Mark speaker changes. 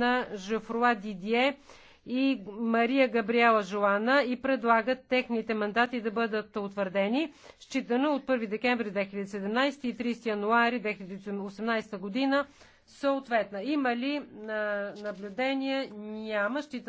Speaker 1: на Жофруа Дидие и Мария Габриела Жолана и предлагат техните мандати да бъдат утвърдени, считано от 1 декември 2017 и 30 януари 2018 година съответна. Има ли наблюдение? Няма. Щита